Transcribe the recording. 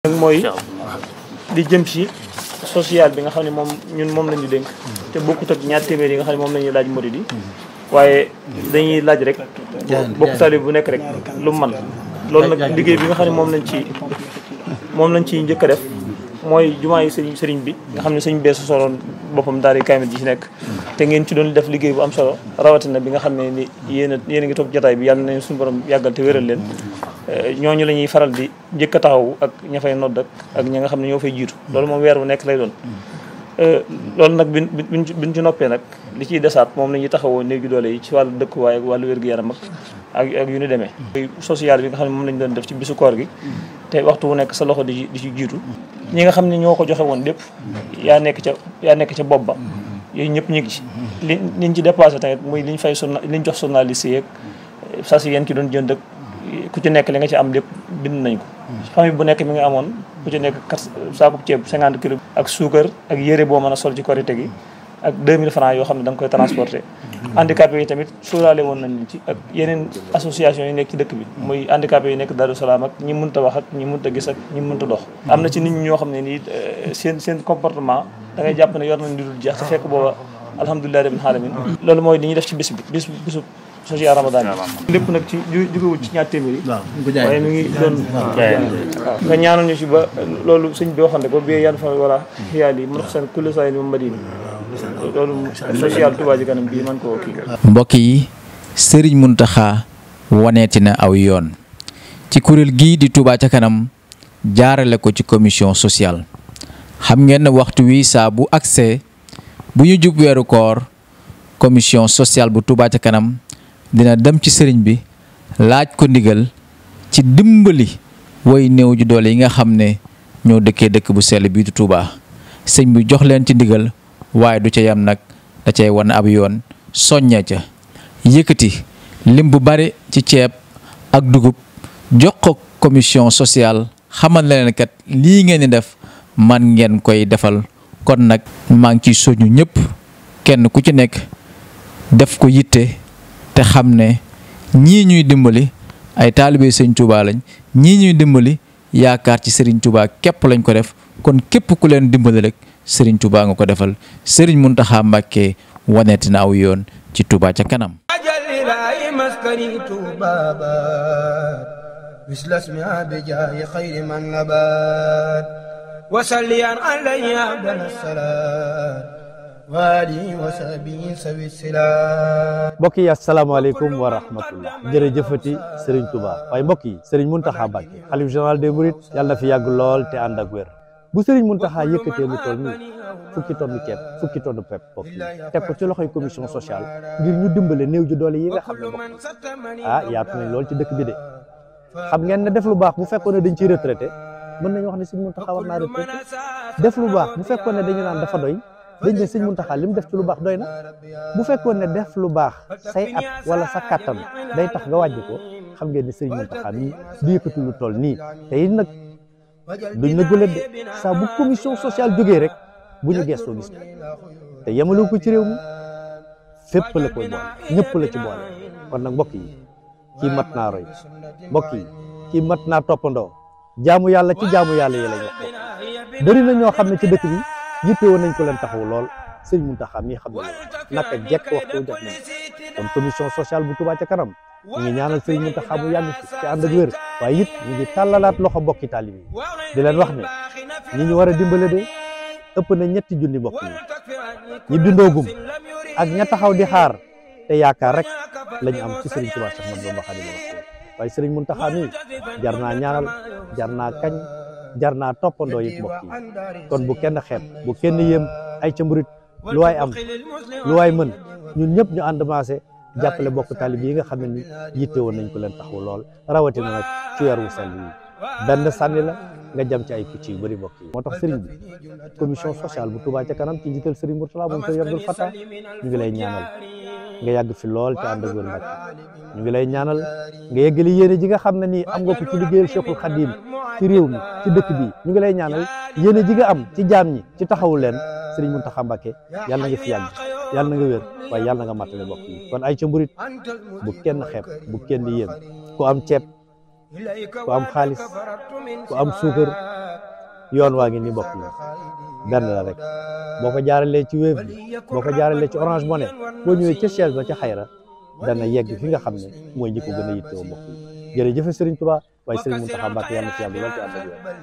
nag mooy di jëm si social bi nga xam ne moom ñun moom lañu dénk te bokkut ñaar téeméer yi nga xam ne moom lañuy laaj murid yi mm-hmm. waaye dañuy laaj rek bokk taalib bu nekk rek lu man loolu nag liggéey bi nga xam ne moom lañ ci moom lañ ciy njëkk def mooy jumaa yi sëriñ sëriñ bi nga xam ne sëriñ bee soloon boppam daal di kaamil ji ci nekk te ngeen ci doon def liggéey bu am solo rawatina bi nga xam ne ni yéen a yéen a ngi toog jotaay bi yàlla nañu suñ borom yàggal te wéral leen Euh, ñooñu la ñuy faral di njëkk a taxawu ak ña fay nodd ak ña nga xam ne ñoo fay jiitu loolu moom weer wu nekk lay doon mm. euh, loolu nag bi biñ ci noppee nag li ciy desaat moom la ñuy taxawoo néegi doole yi ci wàllu dëkkuwaay ak wér-gu-yaram ak yu ni demee mm. social bi nga xam ne moom lañ doon def ci bisu koor gi mm. te waxtu wu nekk sa loxo di di ci jiitu ñi nga xam ne ñoo ko joxe woon lépp yaa nekk ca yaa nekk ca bopp ba yooyu ñëpp ñu ngi ci li liñ ci dépassé tamit muy liñ fay journal li jox journaliste yeeg saa si yéen ki doon jënd ak ku ci nekk li nga ci am lépp bind nañ ko famille bu nekk mi nga amoon ku ci nekk kat saakub ceeb cinquante kilo ak suukar ak yére boo mën a sol ci korite gi ak 2000 francs yoo xam ne da nga koy transporter handicapé yi tamit suuraale woon nañ ci ak yeneen association yi nekk ci dëkk bi muy handicapé yi nekk Darou Salaam ak ñi mënta wax ak ñi mënta gis ak ñi mënta dox am na ci nit ñi ñoo xam ne nii euh, seen seen comportement da ngay jàpp ne yor nañ lu dul jeex te social ramadan lépp nag ci jógewu ci ñaar téeméer yi waaye mi bi waxante ko mbokk yi Sëriñ Muntaxa waneeti na aw yoon ci kuréel gii di Touba Ca Kanam jaarale ko ci commission sociale xam ngeen ne waxtu wi saa bu accès bu ñu jub weeru koor commission sociale bu Touba Ca Kanam dina dem ci sëriñ bi laaj ko ndigal ci dimbali woy néew ju doole yi nga xam ne ñoo dëkkee dëkk bu sell bii du Touba sëñ bi jox leen ci ndigal waaye du ca yam nag da cay wan ab yoon soñña ca yëkkati lim bu bari ci ceeb ak dugub jox ko commission sociale xamal na leen kat lii ngeen di def man ngeen koy defal kon nag maa ngi ciy soñu ñëpp kenn ku ci nekk def ko yitte te xam ne ñii ñuy dimbali ay taalibe sëñ Touba lañ ñii ñuy dimbali yaakaar ci Serigne Touba képp lañ ko def kon képp ku leen dimbali rek sëriñ Touba nga ko defal sëriñ Mountakha Mbacké waneeti na aw yoon ci Touba ca kanam. مثل اسمها بجاه خير من نبات وسليا علي عبد السلام mbokk yi asalaamaaleykum wa rahmatullah jërëjëfati Serigne Touba waaye mbokk yi sëriñ Mountakha Mbacké xalif général des Mourides yàlla na fi yàgg lool te ànd a wér bu Serigne Mountakha yëkkatee lu toll nii fukki tonn ceeb fukki tonn pepp mbokk yi teg ko ci loxoy commission sociale ngir ñu dimbale néew ji doole yi nga xam ne mbokk ah, yaatu nañ lool ci dëkk bi de xam ngeen ne def lu baax bu fekkoon ne dañ ci retraité mën nañu wax ne si Mountakha war naa retraité def lu baax bu fekkoon ne dañu naan dafa doy. dañ ne sëñ Muntaxa li mu def ci lu baax doy na bu fekkoon ne def lu baax say at wala sa kàttan day tax nga wàjj ko xam ngeen ne sëñ Muntaxa mii du yëkkati lu nii te it nag duñ na gëlëm de saa bu commission sociale jógee rek bu ñu gëstoo gis ko te yemalu ko ci réew mi fépp la la ci boole kon nag mbokk yi kii mat naa roy mbokk naa toppandoo jaamu yàlla ci jaamu yàlla yi la ñu bëri ñoo xam ne ci dëkk bi. yittewoo nañ ko leen taxaw lool sëñ Mountakha mii xam ne naka jekk waxtu jot nañ kon commission sociale bu Touba ca kanam ñu ngi ñaanal sëñ Mountakha mu yàgg ci ànd waaye it ñu ngi tàllalaat loxo bokki taalib yi di leen wax mi ñi ñu war a dimbale de ëpp na ñetti junni bokk yi ñi bindoogum ak ña taxaw di xaar te yaakaar rek lañu am ci sëriñ Touba Cheikh Ahmadou Bamba Khadimou jar naa ñaanal jar naa kañ jar naa toppandoo yi mbokk yi kon bu kenn xeeb bu kenn yéem ay ca murit lu waay am lu waay mën ñun ñëpp ñu ànd maase jàppale bokk taalib yi nga xam ne ni yitte woon nañ ko leen taxaw lool rawatina nag ci weer wu sell yi benn sànni la nga jam ci ay picc yu bëri bokk yi moo tax sëriñ bi commission sociale bu Touba ca kanam ci njiital sëriñ Mourtala moom sëriñ Abdul Fattah ñu ngi lay ñaanal nga yàgg fi lool te ànd ak wér ñu ngi lay ñaanal nga yeggali yéene ji nga xam ne nii am nga ko ci liggéeyal Cheikhul Khadim ci réew mi ci dëkk bi ñu ngi lay ñaanal yéene ji nga am ci jaam ñi ci taxawu leen Serigne Mountakha Mbacké yàlla na nga fi yàgg yàlla na nga wér waaye yàlla na nga màttale bokk kon ay ca mburit bu kenn xeeb bu kenn yéem ku am ceeb ku am xaalis ku am suukar yoon waa ngi ni bokk yi benn la rek boo ko jaaralee ci Wave bi boo ko jaarale ci Orange Money boo ñëwee ca chaise ba ca xayra dana yegg fi nga xam ne mooy ñi ko gën a yittewoo mbokk yi jërëjëf Serigne Touba waaye sëriñ Mountakha Mbacké yàlla na fi yàgg